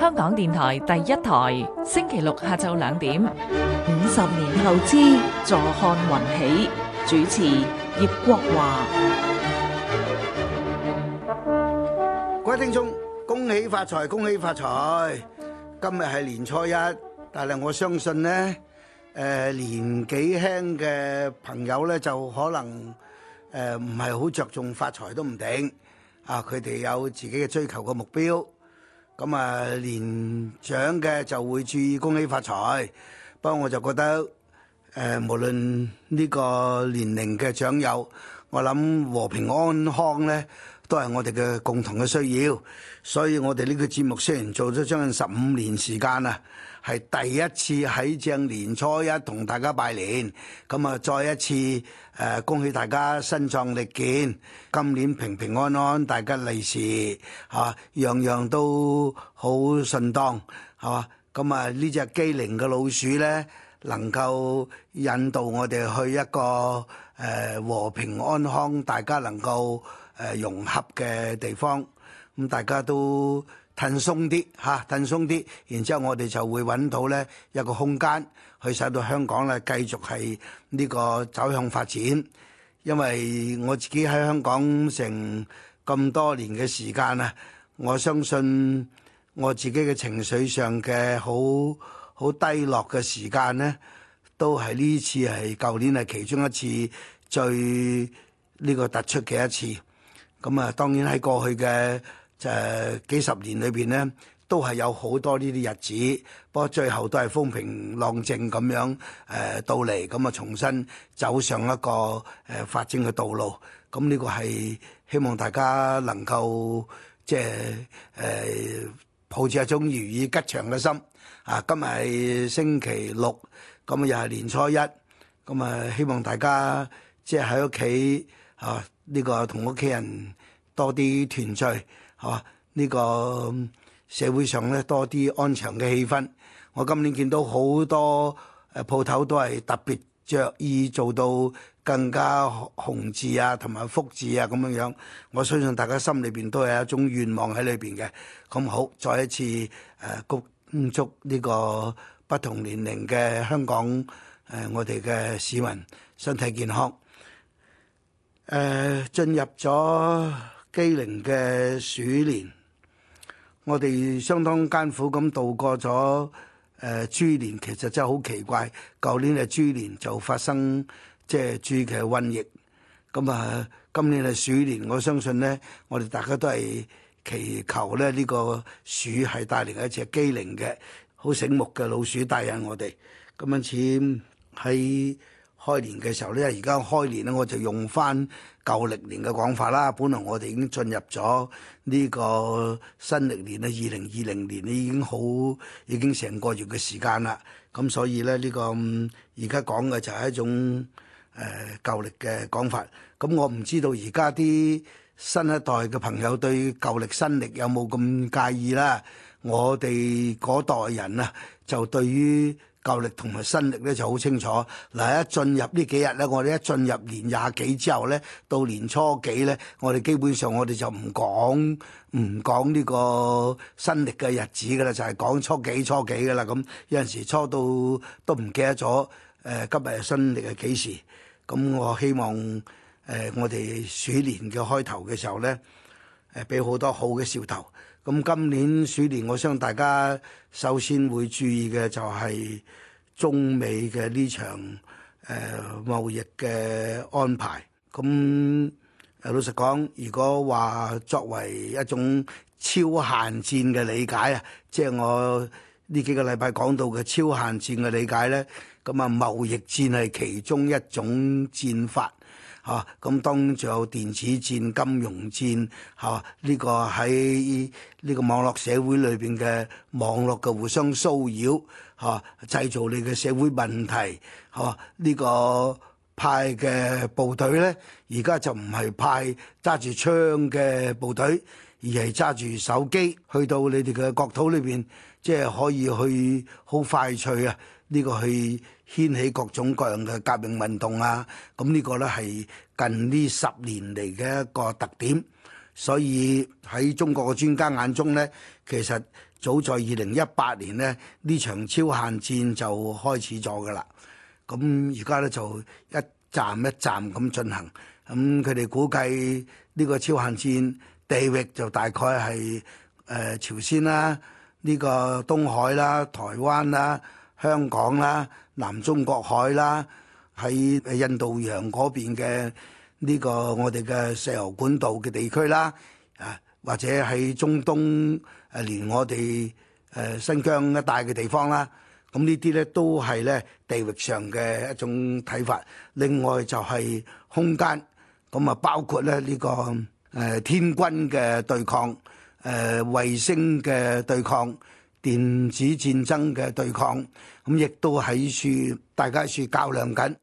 香港電台第一台星期六下晝誒唔係好着重發財都唔定，啊佢哋有自己嘅追求，個目標，咁啊年長嘅就會注意恭喜發財。不過我就覺得，誒、啊、無論呢個年齡嘅長幼，我諗和平安康呢都係我哋嘅共同嘅需要。所以我哋呢個節目雖然做咗將近十五年時間啦，係第一次喺正年初一同大家拜年，咁啊再一次。恭喜大家身壯力健，今年平平安安，大吉利是嚇，樣樣都好順當，係嘛？咁啊，呢隻機靈嘅老鼠呢，能夠引導我哋去一個誒和平安康，大家能夠融合嘅地方，咁大家都。騰鬆啲嚇，騰鬆啲，然之後我哋就會揾到呢一個空間，去使到香港呢，繼續係呢個走向發展。因為我自己喺香港成咁多年嘅時間啊，我相信我自己嘅情緒上嘅好好低落嘅時間呢，都係呢次係舊年係其中一次最呢個突出嘅一次。咁、嗯、啊，當然喺過去嘅。誒幾十年裏邊咧，都係有好多呢啲日子。不過最後都係風平浪靜咁樣誒到嚟，咁啊重新走上一個誒發展嘅道路。咁呢個係希望大家能夠即係誒抱住一種如意吉祥嘅心啊。今日係星期六，咁啊又係年初一，咁啊希望大家即係喺屋企啊呢個同屋企人多啲團聚。啊！呢、這個社會上咧多啲安詳嘅氣氛。我今年見到好多誒鋪頭都係特別着意做到更加紅字啊，同埋福字啊咁樣樣。我相信大家心裏邊都係一種願望喺裏邊嘅。咁、嗯、好，再一次誒、呃、祝呢個不同年齡嘅香港誒、呃、我哋嘅市民身體健康。誒、呃、進入咗。機靈嘅鼠年，我哋相當艱苦咁度過咗誒豬年，其實真係好奇怪。舊年嘅豬年就發生即係豬嘅瘟疫，咁啊今年係鼠年，我相信咧我哋大家都係祈求咧呢個鼠係帶來一隻機靈嘅好醒目嘅老鼠帶引我哋，咁樣似喺。開年嘅時候咧，而家開年咧，我就用返舊歷年嘅講法啦。本來我哋已經進入咗呢個新歷年啦，二零二零年已經好已經成個月嘅時間啦。咁所以咧，呢個而家講嘅就係一種誒、呃、舊歷嘅講法。咁我唔知道而家啲新一代嘅朋友對舊歷新歷有冇咁介意啦？我哋嗰代人啊，就對於，舊曆同埋新曆咧就好清楚。嗱，一進入呢幾日咧，我哋一進入年廿幾之後咧，到年初幾咧，我哋基本上我哋就唔講唔講呢個新曆嘅日子噶啦，就係、是、講初幾初幾噶啦。咁有陣時初到都唔記得咗。誒、呃，今日新曆係幾時？咁我希望誒、呃、我哋鼠年嘅開頭嘅時候咧，誒俾好多好嘅兆頭。咁今年鼠年，我相信大家首先會注意嘅就係中美嘅呢場誒貿易嘅安排。咁誒老實講，如果話作為一種超限戰嘅理解啊，即係我呢幾個禮拜講到嘅超限戰嘅理解咧，咁啊貿易戰係其中一種戰法。嚇！咁、啊、當然仲有電子戰、金融戰嚇，呢、啊這個喺呢個網絡社會裏邊嘅網絡嘅互相騷擾嚇、啊，製造你嘅社會問題嚇，呢、啊這個派嘅部隊咧，而家就唔係派揸住槍嘅部隊，而係揸住手機去到你哋嘅國土裏邊，即、就、係、是、可以去好快脆啊！呢個去掀起各種各樣嘅革命運動啊！咁呢個呢，係近呢十年嚟嘅一個特點，所以喺中國嘅專家眼中呢，其實早在二零一八年呢，呢場超限戰就開始咗噶啦。咁而家呢，就一站一站咁進行，咁佢哋估計呢個超限戰地域就大概係誒朝鮮啦、呢個東海啦、台灣啦。香港啦、南中國海啦，喺印度洋嗰邊嘅呢個我哋嘅石油管道嘅地區啦，啊或者喺中東連我哋誒新疆一帶嘅地方啦，咁呢啲咧都係咧地域上嘅一種睇法。另外就係空間，咁啊包括咧呢個誒天軍嘅對抗、誒衛星嘅對抗。電子戰爭嘅對抗，咁亦都喺處，大家喺處較量緊，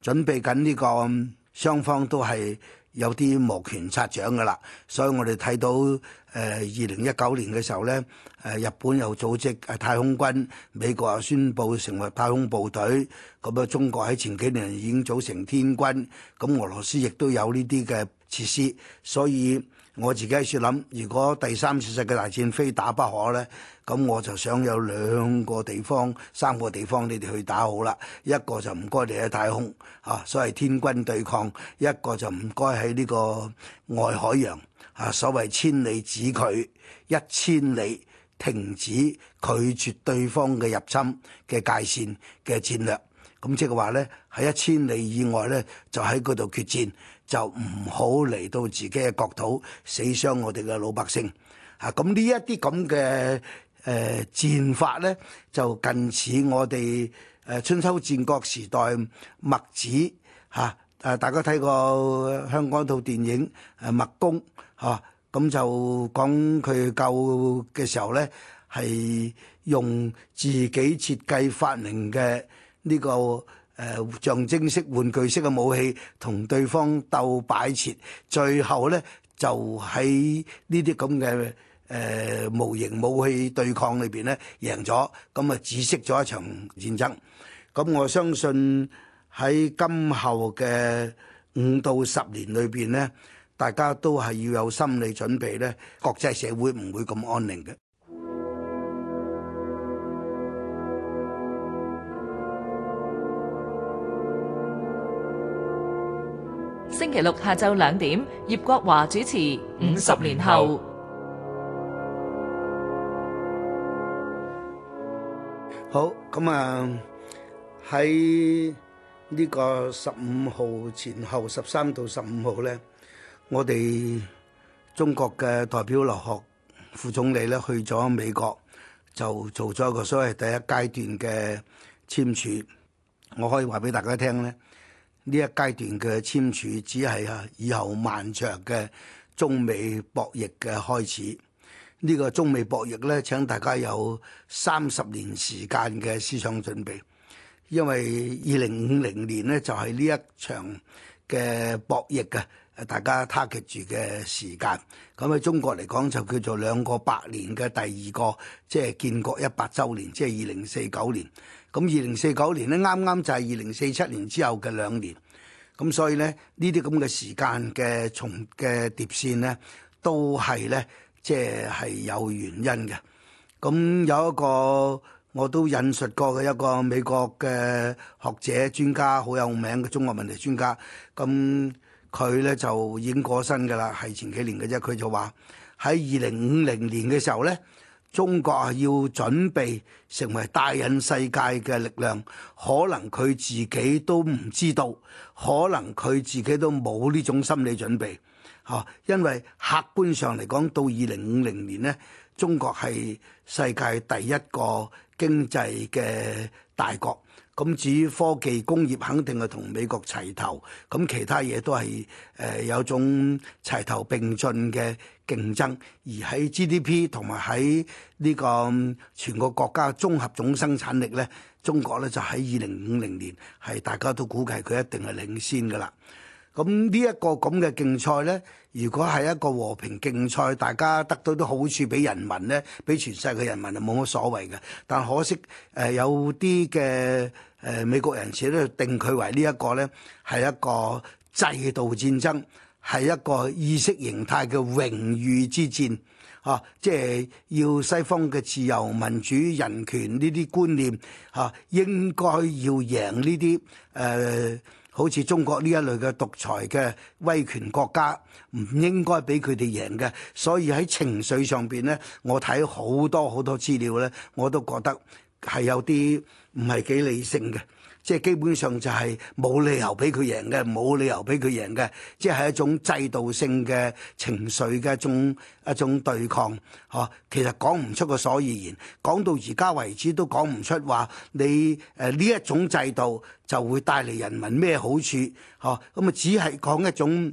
準備緊呢個雙方都係有啲摩拳擦掌噶啦。所以我哋睇到誒二零一九年嘅時候呢，誒日本又組織太空軍，美國又宣布成為太空部隊，咁啊中國喺前幾年已經組成天軍，咁俄羅斯亦都有呢啲嘅設施，所以。我自己喺度諗，如果第三次世界大戰非打不可呢，咁我就想有兩個地方，三個地方你哋去打好啦。一個就唔該你喺太空，啊所謂天軍對抗；一個就唔該喺呢個外海洋，啊所謂千里指佢一千里，停止拒絕對方嘅入侵嘅界線嘅戰略。咁即係話呢，喺一千里以外呢，就喺嗰度決戰。就唔好嚟到自己嘅國土，死傷我哋嘅老百姓。嚇、啊，咁呢一啲咁嘅誒戰法咧，就近似我哋誒春秋戰國時代墨子嚇。誒、啊，大家睇過香港套電影誒墨、啊、攻》啊，嚇，咁就講佢救嘅時候咧，係用自己設計發明嘅呢個。誒象徵式玩具式嘅武器，同對方鬥擺設，最後咧就喺呢啲咁嘅誒模型武器對抗裏邊咧贏咗，咁啊止息咗一場戰爭。咁我相信喺今後嘅五到十年裏邊咧，大家都係要有心理準備咧，國際社會唔會咁安寧嘅。星期六下晝兩點，葉國華主持《五十年後》。好，咁啊喺呢個十五號前後，十三到十五號呢，我哋中國嘅代表劉鶴，副總理呢去咗美國，就做咗一個所謂第一階段嘅簽署。我可以話俾大家聽呢。呢一階段嘅簽署，只係啊以後漫長嘅中美博弈嘅開始。呢個中美博弈呢，請大家有三十年時間嘅思想準備，因為二零五零年呢，就係呢一場嘅博弈嘅、啊，大家 target 住嘅時間。咁喺中國嚟講，就叫做兩個百年嘅第二個，即係建國一百週年，即係二零四九年。咁二零四九年咧，啱啱就係二零四七年之後嘅兩年，咁所以咧呢啲咁嘅時間嘅重嘅疊線咧，都係咧即係有原因嘅。咁有一個我都引述過嘅一個美國嘅學者專家，好有名嘅中國問題專家。咁佢咧就已經過身㗎喇，係前幾年嘅啫。佢就話喺二零五零年嘅時候咧。中國要準備成為帶領世界嘅力量，可能佢自己都唔知道，可能佢自己都冇呢種心理準備，嚇，因為客觀上嚟講，到二零五零年呢，中國係世界第一個經濟嘅大國。咁至於科技工業，肯定係同美國齊頭，咁其他嘢都係誒有種齊頭並進嘅競爭。而喺 GDP 同埋喺呢個全個國家綜合總生產力咧，中國咧就喺二零五零年係大家都估計佢一定係領先㗎喇。咁呢一個咁嘅競賽咧，如果係一個和平競賽，大家得到啲好處俾人民咧，俾全世界人民啊冇乜所謂嘅。但可惜誒有啲嘅。誒美國人士咧定佢為呢一個呢係一個制度戰爭，係一個意識形態嘅榮譽之戰，嚇、啊！即係要西方嘅自由民主、人權呢啲觀念嚇、啊，應該要贏呢啲誒，好似中國呢一類嘅獨裁嘅威權國家，唔應該俾佢哋贏嘅。所以喺情緒上邊呢，我睇好多好多資料呢，我都覺得。係有啲唔係幾理性嘅，即係基本上就係冇理由俾佢贏嘅，冇理由俾佢贏嘅，即係一種制度性嘅情緒嘅一種一種對抗。嗬，其實講唔出個所以然，講到而家為止都講唔出話你誒呢一種制度就會帶嚟人民咩好處？嗬，咁啊只係講一種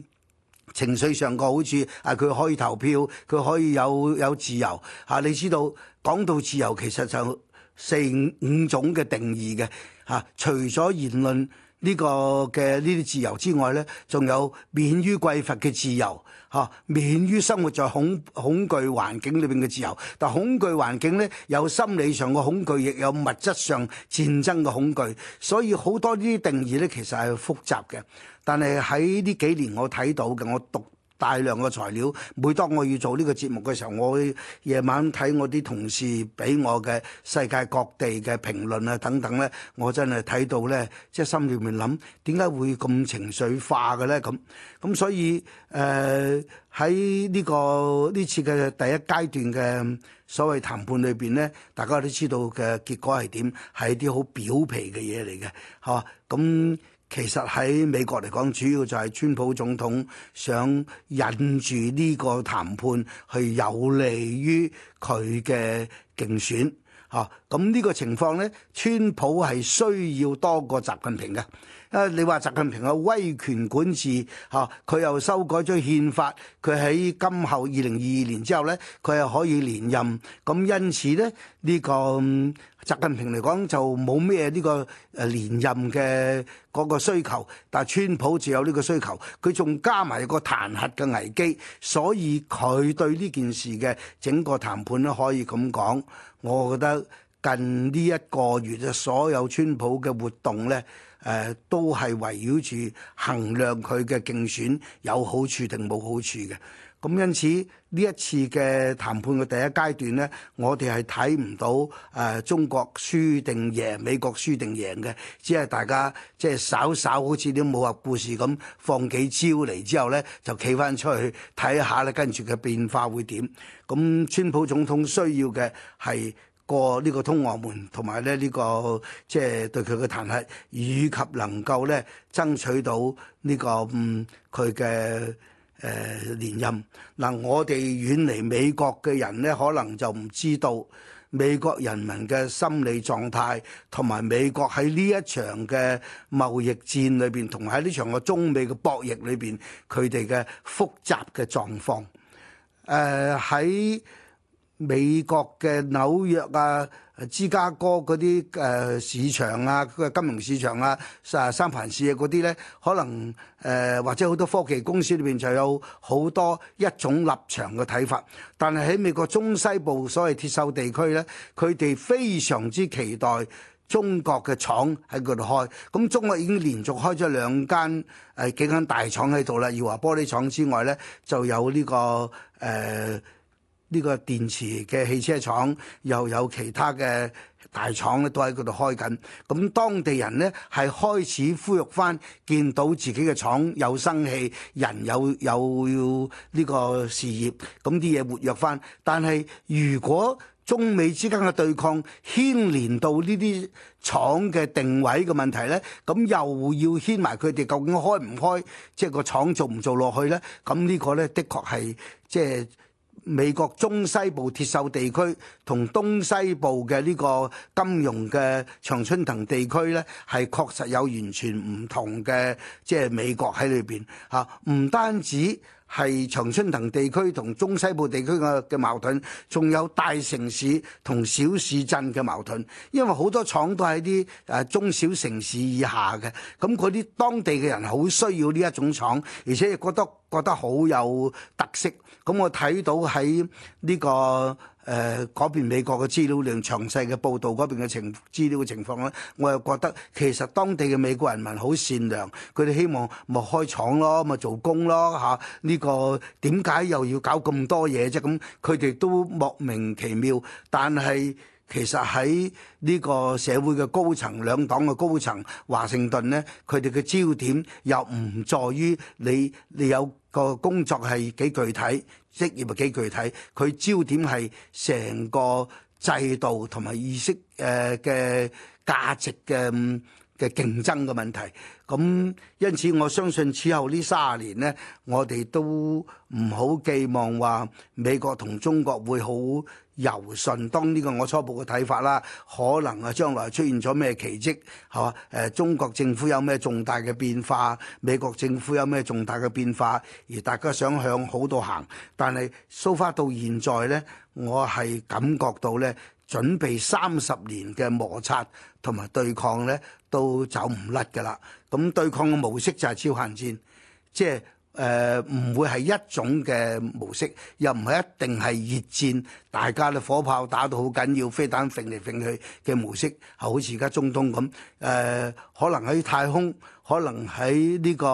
情緒上個好處，係佢可以投票，佢可以有有自由。嚇，你知道講到自由其實就～四五種嘅定義嘅嚇、啊，除咗言論呢個嘅呢啲自由之外呢，仲有免於匱乏嘅自由嚇，免、啊、於生活在恐恐懼環境裏邊嘅自由。但恐懼環境呢，有心理上嘅恐懼，亦有物質上戰爭嘅恐懼。所以好多呢啲定義呢，其實係複雜嘅。但係喺呢幾年我睇到嘅，我讀大量嘅材料，每當我要做呢個節目嘅時候，我會夜晚睇我啲同事俾我嘅世界各地嘅評論啊等等咧，我真係睇到咧，即係心裏面諗點解會咁情緒化嘅咧？咁咁所以誒喺呢個呢次嘅第一階段嘅所謂談判裏邊咧，大家都知道嘅結果係點，係一啲好表皮嘅嘢嚟嘅，吓，咁。其實喺美國嚟講，主要就係川普總統想引住呢個談判，係有利於佢嘅競選嚇。咁、啊、呢個情況咧，川普係需要多過習近平嘅。啊！你話習近平嘅威權管治嚇，佢、啊、又修改咗憲法，佢喺今後二零二二年之後咧，佢又可以連任。咁因此咧，呢、呢個、嗯、習近平嚟講就冇咩呢個誒連任嘅嗰個需求，但係川普就有呢個需求。佢仲加埋個彈劾嘅危機，所以佢對呢件事嘅整個談判咧，可以咁講。我覺得近呢一個月嘅所有川普嘅活動咧，誒都係圍繞住衡量佢嘅競選有好處定冇好處嘅，咁因此呢一次嘅談判嘅第一階段呢，我哋係睇唔到誒、呃、中國輸定贏美國輸定贏嘅，只係大家即係稍稍好似啲武俠故事咁放幾招嚟之後呢，就企翻出去睇下咧，跟住嘅變化會點？咁川普總統需要嘅係。過呢個通俄門，同埋咧呢個即係、就是、對佢嘅彈劾，以及能夠咧爭取到呢、這個佢嘅誒連任。嗱、呃，我哋遠離美國嘅人咧，可能就唔知道美國人民嘅心理狀態，同埋美國喺呢一場嘅貿易戰裏邊，同喺呢場嘅中美嘅博弈裏邊，佢哋嘅複雜嘅狀況。誒、呃、喺美國嘅紐約啊、芝加哥嗰啲誒市場啊，金融市場啊、三三藩市啊嗰啲呢，可能誒、呃、或者好多科技公司裏邊就有好多一種立場嘅睇法。但係喺美國中西部所謂鐵鏽地區呢，佢哋非常之期待中國嘅廠喺度開。咁中國已經連續開咗兩間誒、呃、幾間大廠喺度啦，耀華玻璃廠之外呢，就有呢、這個誒。呃呢個電池嘅汽車廠又有其他嘅大廠咧，都喺嗰度開緊。咁當地人呢，係開始恢復翻，見到自己嘅廠有生氣，人有有要呢個事業，咁啲嘢活躍翻。但係如果中美之間嘅對抗牽連到呢啲廠嘅定位嘅問題呢，咁又要牽埋佢哋究竟開唔開，即係個廠做唔做落去呢？咁呢個呢，的確係即係。即係美國中西部鐵鏽地區同東西部嘅呢個金融嘅長春藤地區呢，係確實有完全唔同嘅，即係美國喺裏邊嚇，唔單止係長春藤地區同中西部地區嘅嘅矛盾，仲有大城市同小市鎮嘅矛盾，因為好多廠都係啲誒中小城市以下嘅，咁嗰啲當地嘅人好需要呢一種廠，而且亦覺得覺得好有特色。咁我睇到喺呢、這個誒嗰、呃、邊美國嘅資料量詳細嘅報道嗰邊嘅情資料嘅情況咧，我又覺得其實當地嘅美國人民好善良，佢哋希望咪開廠咯，咪做工咯嚇。呢、啊這個點解又要搞咁多嘢啫？咁佢哋都莫名其妙，但係。其實喺呢個社會嘅高層、兩黨嘅高層、華盛頓呢，佢哋嘅焦點又唔在於你你有個工作係幾具體、職業係幾具體，佢焦點係成個制度同埋意識誒嘅價值嘅嘅競爭嘅問題。咁因此，我相信此後呢三十年呢，我哋都唔好寄望話美國同中國會好。游順，當呢個我初步嘅睇法啦。可能啊，將來出現咗咩奇蹟，係嘛？誒，中國政府有咩重大嘅變化，美國政府有咩重大嘅變化，而大家想向好度行。但係，so far 到現在呢，我係感覺到呢，準備三十年嘅摩擦同埋對抗呢，都走唔甩㗎啦。咁對抗嘅模式就係超限戰，即係誒唔會係一種嘅模式，又唔係一定係熱戰。大家嘅火炮打到好緊要，飛彈揈嚟揈去嘅模式，係好似而家中東咁。誒、呃、可能喺太空，可能喺呢個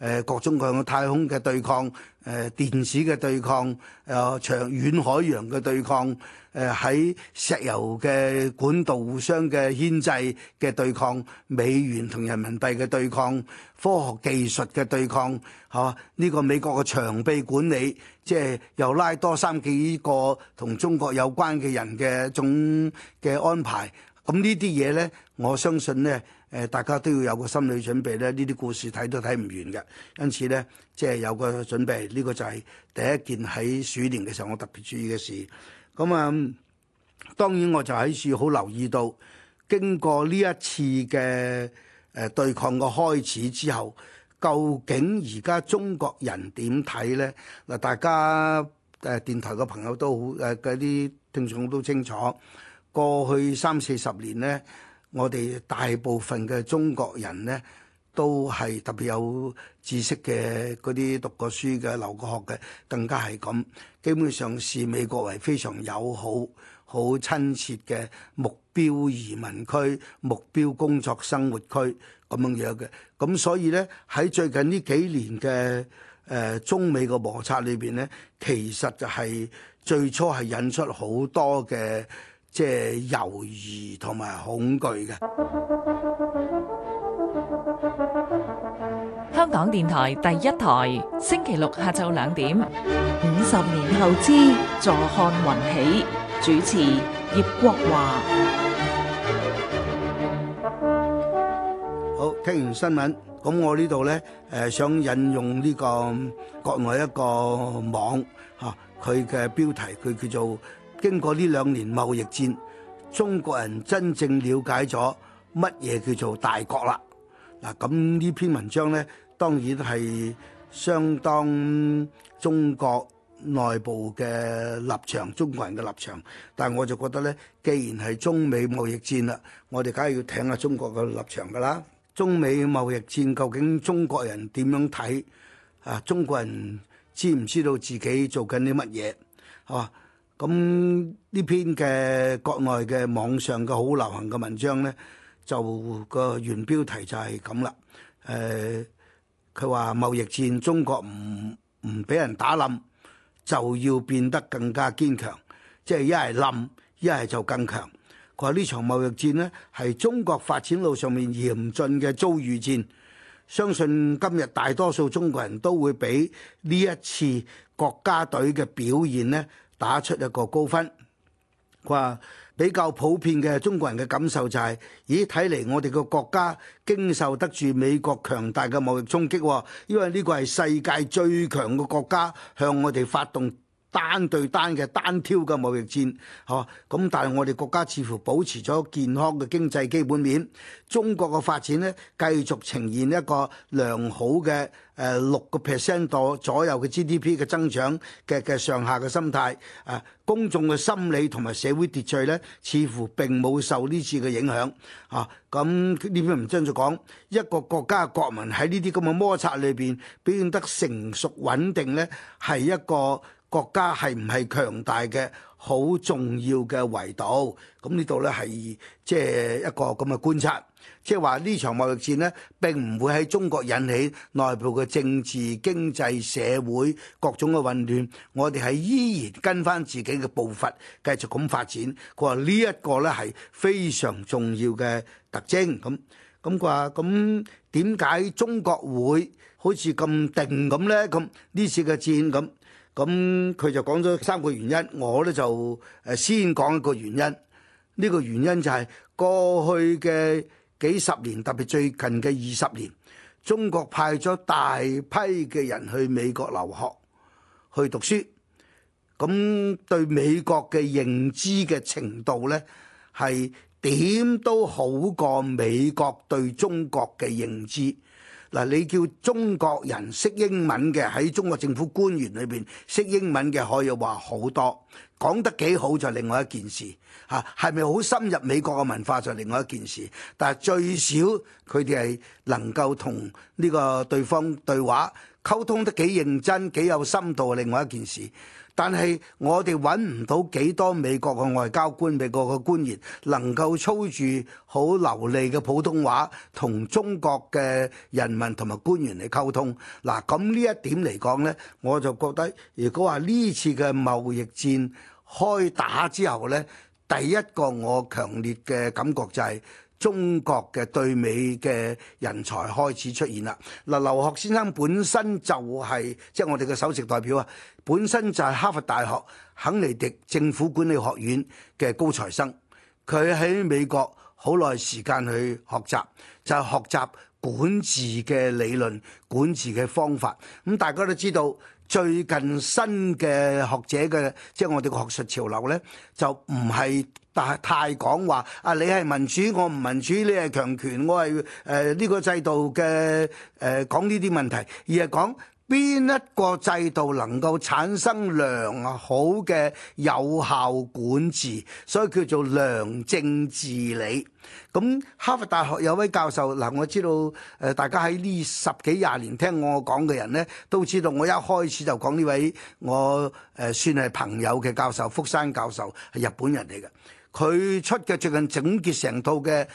誒各種各樣嘅太空嘅對抗，誒、呃、電子嘅對抗，誒長遠海洋嘅對抗，誒、呃、喺石油嘅管道互相嘅牽制嘅對抗，美元同人民幣嘅對抗，科學技術嘅對抗，吓、啊、呢、這個美國嘅長臂管理，即係又拉多三幾個。同中國有關嘅人嘅一種嘅安排，咁呢啲嘢呢，我相信呢，誒大家都要有個心理準備咧，呢啲故事睇都睇唔完嘅，因此呢，即係有個準備，呢、這個就係第一件喺鼠年嘅時候我特別注意嘅事。咁、嗯、啊，當然我就喺處好留意到，經過呢一次嘅誒對抗嘅開始之後，究竟而家中國人點睇呢？嗱，大家。誒電台嘅朋友都好，誒嗰啲聽眾都清楚，過去三四十年呢，我哋大部分嘅中國人呢，都係特別有知識嘅嗰啲讀過書嘅、留過學嘅，更加係咁。基本上視美國為非常友好、好親切嘅目標移民區、目標工作生活區咁樣樣嘅。咁所以呢，喺最近呢幾年嘅。誒、呃、中美嘅摩擦裏邊呢，其實就係最初係引出好多嘅即係猶豫同埋恐懼嘅。香港電台第一台，星期六下晝兩點，五十年後之坐看雲起，主持葉國華。好，聽完新聞。咁我呢度呢，誒想引用呢個國外一個網嚇，佢嘅標題佢叫做《經過呢兩年貿易戰，中國人真正瞭解咗乜嘢叫做大國啦》。嗱，咁呢篇文章呢，當然係相當中國內部嘅立場，中國人嘅立場。但係我就覺得呢，既然係中美貿易戰啦，我哋梗係要挺下中國嘅立場㗎啦。中美貿易戰究竟中國人點樣睇？啊，中國人知唔知道自己做緊啲乜嘢？啊，咁呢篇嘅國外嘅網上嘅好流行嘅文章呢，就個原標題就係咁啦。誒、啊，佢話貿易戰，中國唔唔俾人打冧，就要變得更加堅強。即係一係冧，一係就更強。佢話呢場貿易戰呢係中國發展路上面嚴峻嘅遭遇戰，相信今日大多數中國人都會俾呢一次國家隊嘅表現呢打出一個高分。佢話比較普遍嘅中國人嘅感受就係：咦，睇嚟我哋個國家經受得住美國強大嘅貿易衝擊，因為呢個係世界最強嘅國家向我哋發動單對單嘅單挑嘅貿易戰，嗬，咁但係我哋國家似乎保持咗健康嘅經濟基本面，中國嘅發展咧繼續呈現一個良好嘅誒六個 percent 度左右嘅 GDP 嘅增長嘅嘅上下嘅心態，誒，公眾嘅心理同埋社會秩序咧似乎並冇受呢次嘅影響，吓，咁呢邊唔爭住講一個國家嘅國民喺呢啲咁嘅摩擦裏邊表現得成熟穩定咧，係一個。國家係唔係強大嘅好重要嘅維度？咁呢度咧係即係一個咁嘅觀察，即係話呢場貿易戰咧並唔會喺中國引起內部嘅政治、經濟、社會各種嘅混亂。我哋係依然跟翻自己嘅步伐繼續咁發展。佢話呢一個咧係非常重要嘅特徵。咁咁佢話咁點解中國會好似咁定咁咧？咁呢次嘅戰咁。咁佢就講咗三個原因，我咧就誒先講一個原因。呢個原因就係過去嘅幾十年，特別最近嘅二十年，中國派咗大批嘅人去美國留學去讀書，咁對美國嘅認知嘅程度呢，係點都好過美國對中國嘅認知。嗱，你叫中國人識英文嘅喺中國政府官員裏邊，識英文嘅可以話好多，講得幾好就另外一件事吓，係咪好深入美國嘅文化就另外一件事，但係最少佢哋係能夠同呢個對方對話溝通得幾認真、幾有深度，另外一件事。但係我哋揾唔到幾多美國嘅外交官、美國嘅官員能夠操住好流利嘅普通話同中國嘅人民同埋官員嚟溝通。嗱，咁呢一點嚟講呢，我就覺得如果話呢次嘅貿易戰開打之後呢，第一個我強烈嘅感覺就係、是。中國嘅對美嘅人才開始出現啦！嗱，劉鶴先生本身就係即係我哋嘅首席代表啊，本身就係哈佛大學肯尼迪政府管理學院嘅高材生，佢喺美國好耐時間去學習，就係學習管治嘅理論、管治嘅方法。咁大家都知道。最近新嘅學者嘅，即係我哋個學術潮流咧，就唔係太太講話啊！你係民主，我唔民主；你係強權，我係誒呢個制度嘅誒講呢啲問題，而係講。邊一個制度能夠產生良好嘅有效管治，所以叫做良政治理。咁哈佛大學有位教授嗱，我知道誒，大家喺呢十幾廿年聽我講嘅人呢，都知道我一開始就講呢位我誒算係朋友嘅教授福山教授係日本人嚟嘅，佢出嘅最近整結成套嘅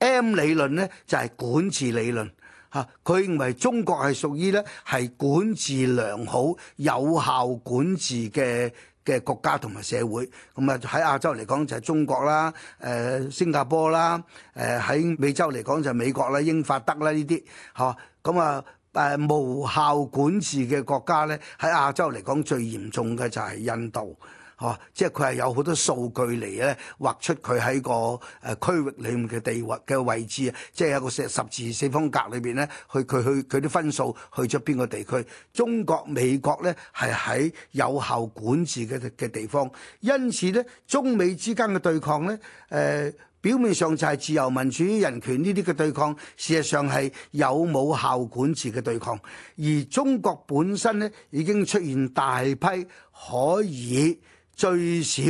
M 理論呢，就係管治理論。嚇，佢認為中國係屬於咧係管治良好、有效管治嘅嘅國家同埋社會。咁啊喺亞洲嚟講就係中國啦，誒、呃、新加坡啦，誒、呃、喺美洲嚟講就係美國啦、英法德啦呢啲。嚇，咁啊誒、呃、無效管治嘅國家咧喺亞洲嚟講最嚴重嘅就係印度。哦，即係佢係有好多數據嚟咧，畫出佢喺個誒、呃、區域裏面嘅地域嘅位置，即係一個石十字四方格裏邊咧，去佢去佢啲分數去咗邊個地區？中國美國咧係喺有效管治嘅嘅地方，因此咧中美之間嘅對抗咧，誒、呃、表面上就係自由民主人權呢啲嘅對抗，事實上係有冇效管治嘅對抗。而中國本身咧已經出現大批可以。最少，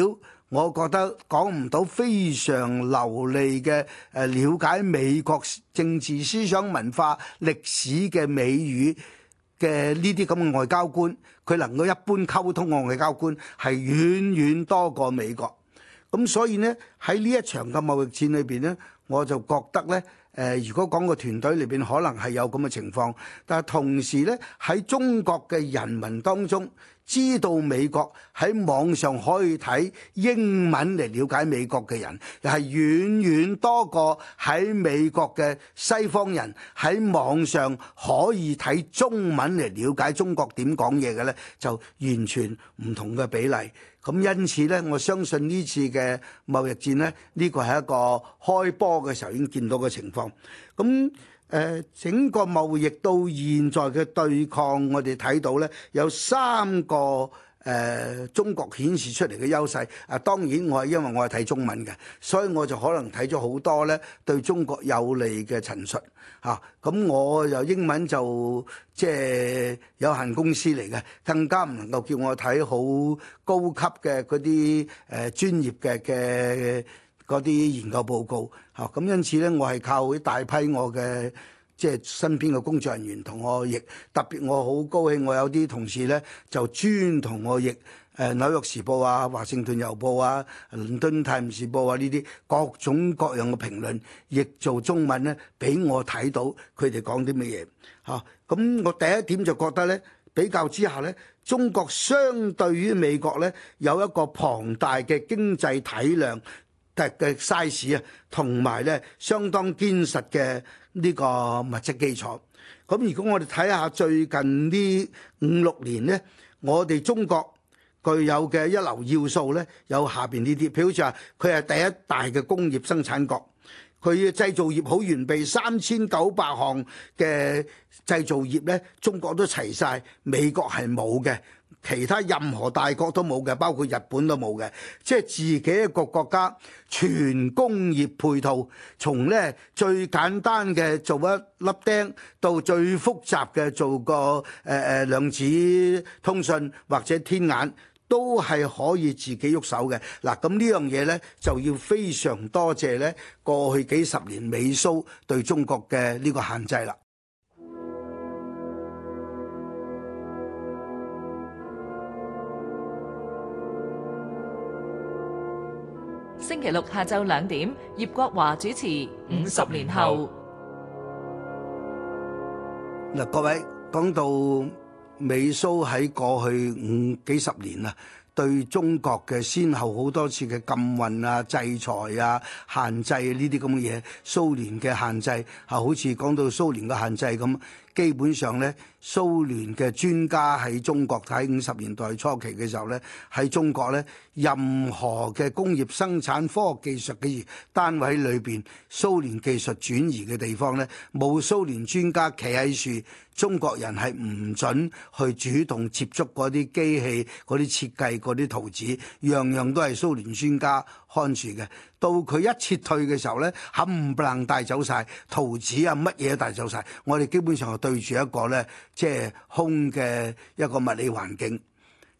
我覺得講唔到非常流利嘅誒，瞭解美國政治、思想、文化、歷史嘅美語嘅呢啲咁嘅外交官，佢能夠一般溝通嘅外交官係遠遠多過美國。咁所以呢，喺呢一場嘅貿易戰裏邊呢，我就覺得呢，誒，如果講個團隊裏邊可能係有咁嘅情況，但係同時呢，喺中國嘅人民當中。知道美國喺網上可以睇英文嚟了解美國嘅人，又係遠遠多過喺美國嘅西方人喺網上可以睇中文嚟了解中國點講嘢嘅呢，就完全唔同嘅比例。咁因此呢，我相信呢次嘅貿易戰呢，呢個係一個開波嘅時候已經見到嘅情況。咁。誒，整個貿易到現在嘅對抗，我哋睇到呢有三個誒、呃、中國顯示出嚟嘅優勢。啊，當然我係因為我係睇中文嘅，所以我就可能睇咗好多呢對中國有利嘅陳述。嚇、啊，咁我由英文就即係、就是、有限公司嚟嘅，更加唔能夠叫我睇好高級嘅嗰啲誒專業嘅嘅。嗰啲研究報告嚇，咁、哦、因此咧，我係靠一大批我嘅即係身邊嘅工作人員同我譯。特別我好高興，我有啲同事咧就專同我譯。誒、呃，《紐約時報》啊，《華盛頓郵報》啊，《倫敦泰晤士報》啊，呢啲各種各樣嘅評論譯做中文咧，俾我睇到佢哋講啲乜嘢嚇。咁、哦、我第一點就覺得咧，比較之下咧，中國相對於美國咧，有一個龐大嘅經濟體量。嘅 size 啊，同埋咧相當堅實嘅呢個物質基礎。咁如果我哋睇下最近呢五六年咧，我哋中國具有嘅一流要素咧，有下邊呢啲，譬如好似話佢係第一大嘅工業生產國，佢嘅製造業好完備，三千九百項嘅製造業咧，中國都齊晒，美國係冇嘅。其他任何大國都冇嘅，包括日本都冇嘅，即係自己一個國家全工業配套，從咧最簡單嘅做一粒釘，到最複雜嘅做個誒誒、呃、量子通訊或者天眼，都係可以自己喐手嘅。嗱，咁呢樣嘢咧就要非常多謝咧過去幾十年美蘇對中國嘅呢個限制啦。星期六下晝兩點，葉國華主持《五十年後》。嗱，各位講到美蘇喺過去五幾十年啊，對中國嘅先後好多次嘅禁運啊、制裁啊、限制啊呢啲咁嘅嘢，蘇聯嘅限制啊，好似講到蘇聯嘅限制咁。基本上咧，蘇聯嘅專家喺中國喺五十年代初期嘅時候咧，喺中國咧，任何嘅工業生產科學技術嘅單位裏邊，蘇聯技術轉移嘅地方咧，冇蘇聯專家企喺度，中國人係唔准去主動接觸嗰啲機器、嗰啲設計、嗰啲圖紙，樣樣都係蘇聯專家。看住嘅，到佢一撤退嘅時候咧，冚唪唥帶走曬圖紙啊，乜嘢都帶走曬。我哋基本上就對住一個咧，即係空嘅一個物理環境。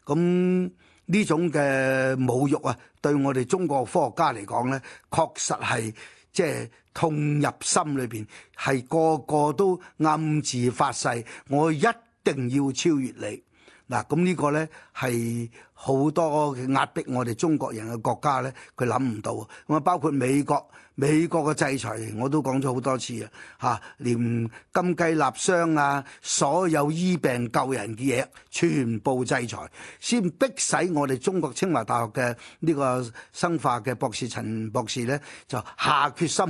咁呢種嘅侮辱啊，對我哋中國科學家嚟講咧，確實係即係痛入心裏邊，係個個都暗自發誓，我一定要超越你。嗱，咁呢個呢係好多壓迫我哋中國人嘅國家呢，佢諗唔到。咁啊，包括美國，美國嘅制裁我都講咗好多次啊。嚇，連金雞立霜啊，所有醫病救人嘅嘢，全部制裁，先逼使我哋中國清華大學嘅呢個生化嘅博士陳博士呢，就下決心，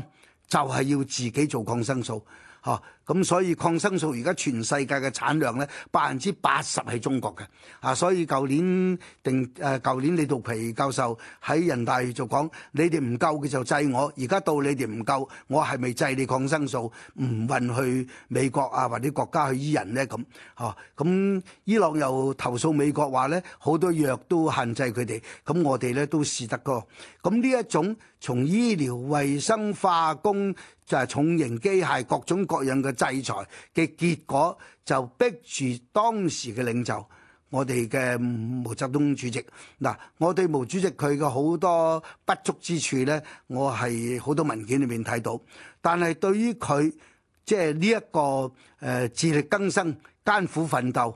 就係要自己做抗生素，嚇、啊。咁所以抗生素而家全世界嘅產量咧，百分之八十係中國嘅，啊！所以舊年定誒舊年李道皮教授喺人大就講：你哋唔夠嘅就制我，而家到你哋唔夠，我係咪制你抗生素唔運去美國啊或者國家去醫人咧？咁，哦，咁伊朗又投訴美國話咧，好多藥都限制佢哋，咁我哋咧都試得過。咁呢一種從醫療、衞生、化工就係重型機械各種各樣嘅。制裁嘅結果就逼住當時嘅領袖，我哋嘅毛澤東主席。嗱，我對毛主席佢嘅好多不足之處呢，我係好多文件裏面睇到。但係對於佢即係呢一個誒自力更生、艱苦奮鬥。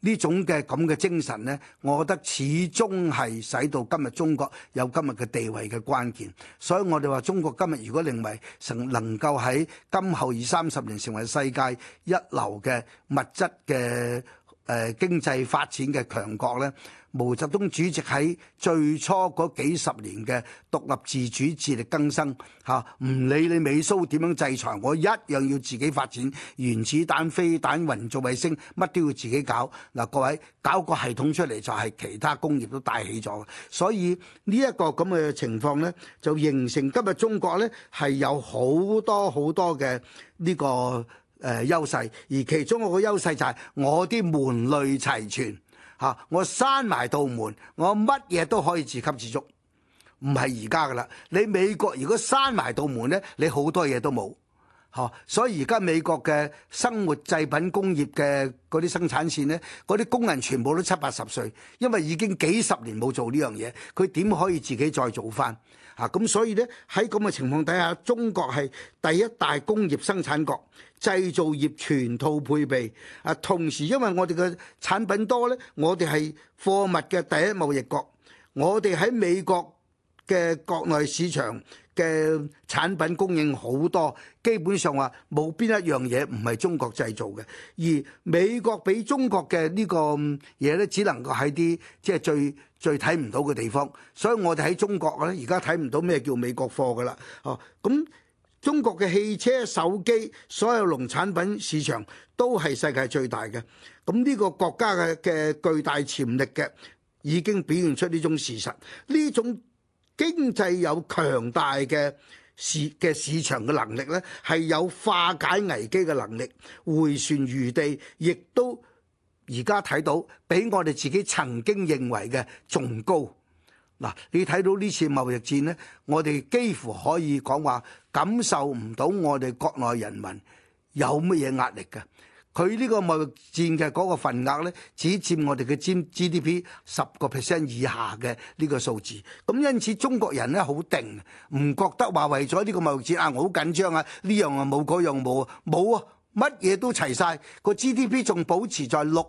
呢種嘅咁嘅精神呢，我覺得始終係使到今日中國有今日嘅地位嘅關鍵，所以我哋話中國今日如果成為成能夠喺今後二三十年成為世界一流嘅物質嘅。誒經濟發展嘅強國呢，毛澤東主席喺最初嗰幾十年嘅獨立自主自力更生嚇，唔、啊、理你美蘇點樣制裁，我一樣要自己發展原子彈、飛彈、人造衛星，乜都要自己搞。嗱、啊，各位搞個系統出嚟，就係其他工業都帶起咗。所以呢一個咁嘅情況呢，就形成今日中國呢係有好多好多嘅呢、這個。誒、呃、優勢，而其中我個優勢就係我啲門類齊全嚇、啊，我閂埋道門，我乜嘢都可以自給自足，唔係而家㗎喇。你美國如果閂埋道門呢，你好多嘢都冇。哦，所以而家美國嘅生活製品工業嘅嗰啲生產線呢，嗰啲工人全部都七八十歲，因為已經幾十年冇做呢樣嘢，佢點可以自己再做返？啊，咁所以呢，喺咁嘅情況底下，中國係第一大工業生產國，製造業全套配備。啊，同時因為我哋嘅產品多呢，我哋係貨物嘅第一貿易國，我哋喺美國嘅國內市場。嘅產品供應好多，基本上話冇邊一樣嘢唔係中國製造嘅。而美國畀中國嘅呢個嘢呢，只能夠喺啲即係最最睇唔到嘅地方。所以我哋喺中國呢，而家睇唔到咩叫美國貨㗎喇。咁中國嘅汽車、手機、所有農產品市場都係世界最大嘅。咁呢個國家嘅嘅巨大潛力嘅已經表現出呢種事實，呢種。經濟有強大嘅市嘅市場嘅能力呢，係有化解危機嘅能力，回旋餘地，亦都而家睇到比我哋自己曾經認為嘅仲高。嗱，你睇到呢次貿易戰呢，我哋幾乎可以講話感受唔到我哋國內人民有乜嘢壓力㗎。佢呢個貿易戰嘅嗰個份額呢，只佔我哋嘅 GDP 十個 percent 以下嘅呢個數字。咁因此中國人呢好定，唔覺得話為咗呢個貿易戰啊，我好緊張啊，呢樣啊冇，嗰樣冇，冇啊，乜嘢都齊晒，個 GDP 仲保持在六。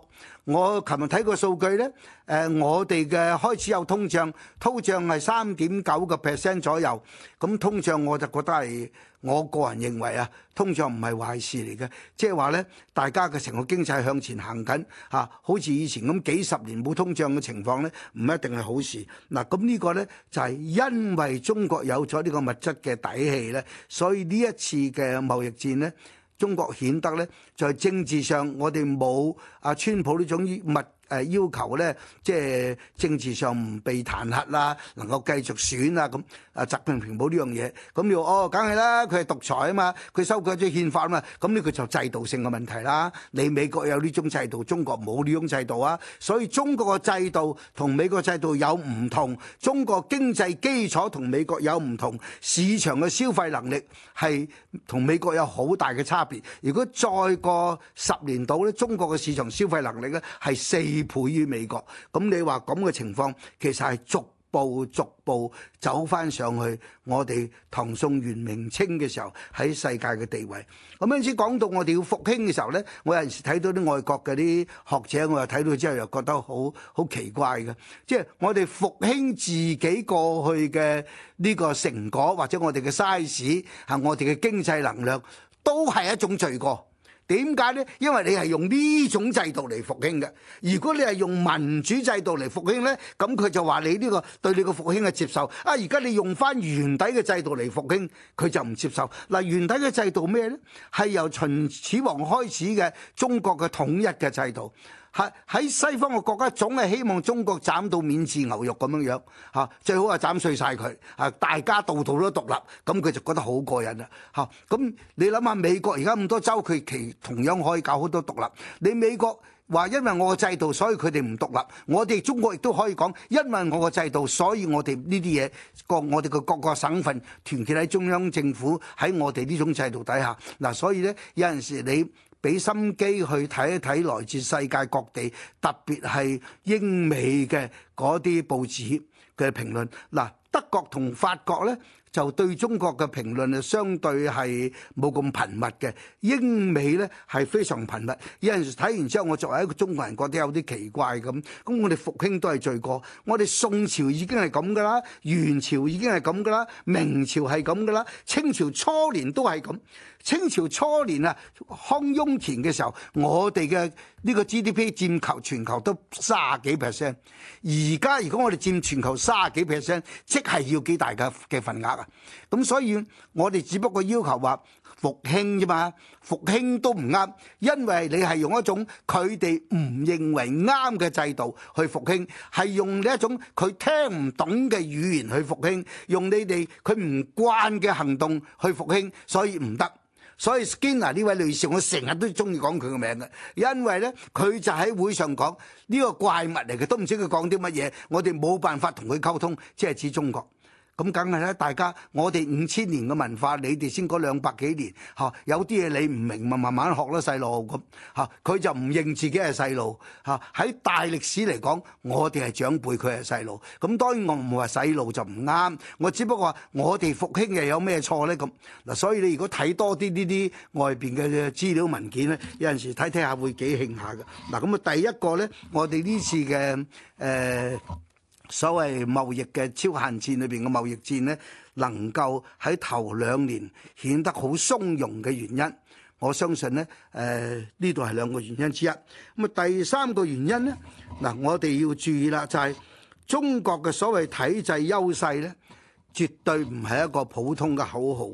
我琴日睇個數據呢，誒我哋嘅開始有通脹，通脹係三點九個 percent 左右。咁通脹我就覺得係。我個人認為啊，通脹唔係壞事嚟嘅，即係話呢，大家嘅成個經濟向前行緊，嚇，好似以前咁幾十年冇通脹嘅情況呢，唔一定係好事。嗱，咁呢個呢，就係因為中國有咗呢個物質嘅底氣呢，所以呢一次嘅貿易戰呢，中國顯得呢，在政治上我哋冇。啊，川普呢種物誒要求咧，即係政治上唔被彈劾啦，能夠繼續選啊，咁啊，習近平保呢樣嘢，咁又哦，梗係啦，佢係獨裁啊嘛，佢修改咗憲法啊嘛，咁呢個就制度性嘅問題啦。你美國有呢種制度，中國冇呢種制度啊，所以中國嘅制度同美國制度有唔同，中國經濟基礎同美國有唔同，市場嘅消費能力係同美國有好大嘅差別。如果再過十年度咧，中國嘅市場，消費能力咧係四倍於美國，咁你話咁嘅情況，其實係逐步逐步走翻上去。我哋唐宋元明清嘅時候喺世界嘅地位，咁因此講到我哋要復興嘅時候咧，我有陣時睇到啲外國嘅啲學者，我又睇到之後又覺得好好奇怪嘅，即係我哋復興自己過去嘅呢個成果，或者我哋嘅 size，係我哋嘅經濟能量，都係一種罪過。點解呢？因為你係用呢種制度嚟復興嘅。如果你係用民主制度嚟復興呢，咁佢就話你呢、呢個對你個復興嘅接受。啊！而家你用翻原底嘅制度嚟復興，佢就唔接受。嗱、啊，原底嘅制度咩呢？係由秦始皇開始嘅中國嘅統一嘅制度。喺喺西方嘅國家，總係希望中國斬到免治牛肉咁樣樣，嚇最好係斬碎晒佢，嚇大家度度都獨立，咁佢就覺得好過癮啦，嚇咁你諗下美國而家咁多州，佢其同樣可以搞好多獨立。你美國話因為我個制度，所以佢哋唔獨立，我哋中國亦都可以講，因為我個制度，所以我哋呢啲嘢各我哋嘅各個省份團結喺中央政府喺我哋呢種制度底下，嗱，所以呢，有陣時你。俾心機去睇一睇來自世界各地，特別係英美嘅嗰啲報紙嘅評論。嗱，德國同法國呢。就對中國嘅評論啊，相對係冇咁頻密嘅。英美咧係非常頻密，有陣時睇完之後，我作為一個中國人覺得有啲奇怪咁。咁我哋復興都係罪過，我哋宋朝已經係咁噶啦，元朝已經係咁噶啦，明朝係咁噶啦，清朝初年都係咁。清朝初年啊，康雍乾嘅時候，我哋嘅呢個 GDP 佔全球，全球都三十幾 percent。而家如果我哋佔全球三十幾 percent，即係要幾大嘅嘅份額？咁所以我哋只不過要求話復興啫嘛，復興都唔啱，因為你係用一種佢哋唔認為啱嘅制度去復興，係用呢一種佢聽唔懂嘅語言去復興，用你哋佢唔慣嘅行動去復興，所以唔得。所以 Skinner 呢位女士，我成日都中意講佢個名嘅，因為呢佢就喺會上講呢個怪物嚟嘅，都唔知佢講啲乜嘢，我哋冇辦法同佢溝通，即係指中國。咁梗係啦，大家我哋五千年嘅文化，你哋先嗰兩百幾年，嚇有啲嘢你唔明咪慢慢學咯，細路咁嚇，佢就唔認自己係細路嚇，喺大歷史嚟講，我哋係長輩，佢係細路。咁當然我唔係話細路就唔啱，我只不過話我哋復興嘅有咩錯咧咁嗱。所以你如果睇多啲呢啲外邊嘅資料文件咧，有陣時睇睇下會幾興下嘅嗱。咁啊，第一個咧，我哋呢次嘅誒。呃所謂貿易嘅超限戰裏邊嘅貿易戰呢能夠喺頭兩年顯得好鬆容嘅原因，我相信咧，誒呢度係兩個原因之一。咁啊，第三個原因呢，嗱我哋要注意啦，就係中國嘅所謂體制優勢呢絕對唔係一個普通嘅口號。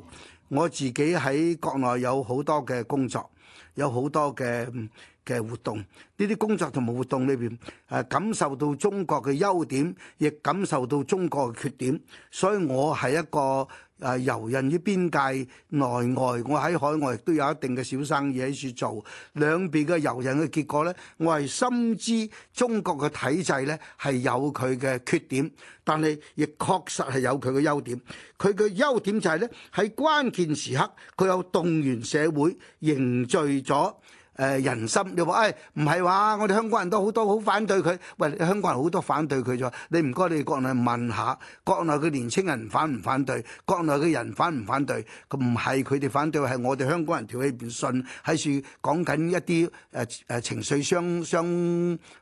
我自己喺國內有好多嘅工作，有好多嘅。嘅活動，呢啲工作同埋活動裏邊，誒感受到中國嘅優點，亦感受到中國嘅缺點。所以我係一個誒遊刃於邊界內外，我喺海外亦都有一定嘅小生意喺處做。兩邊嘅遊刃嘅結果咧，我係深知中國嘅體制咧係有佢嘅缺點，但係亦確實係有佢嘅優點。佢嘅優點就係咧，喺關鍵時刻，佢有動員社會，凝聚咗。誒人心又話，哎唔係話，我哋香港人都好多好反對佢。喂，香港人好多反對佢啫。你唔該，你哋國內問下國內嘅年輕人反唔反對？國內嘅人反唔反對？咁唔係佢哋反對，係我哋香港人條氣唔順，喺處講緊一啲誒誒情緒相相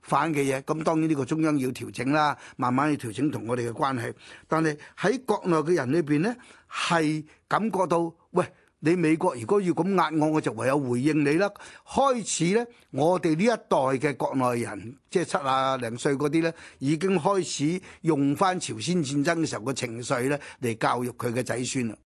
反嘅嘢。咁當然呢個中央要調整啦，慢慢要調整同我哋嘅關係。但係喺國內嘅人裏邊呢，係感覺到喂。你美國如果要咁壓我，我就唯有回應你啦。開始呢，我哋呢一代嘅國內人，即係七啊零歲嗰啲呢，已經開始用返朝鮮戰爭嘅時候嘅情緒呢嚟教育佢嘅仔孫啦。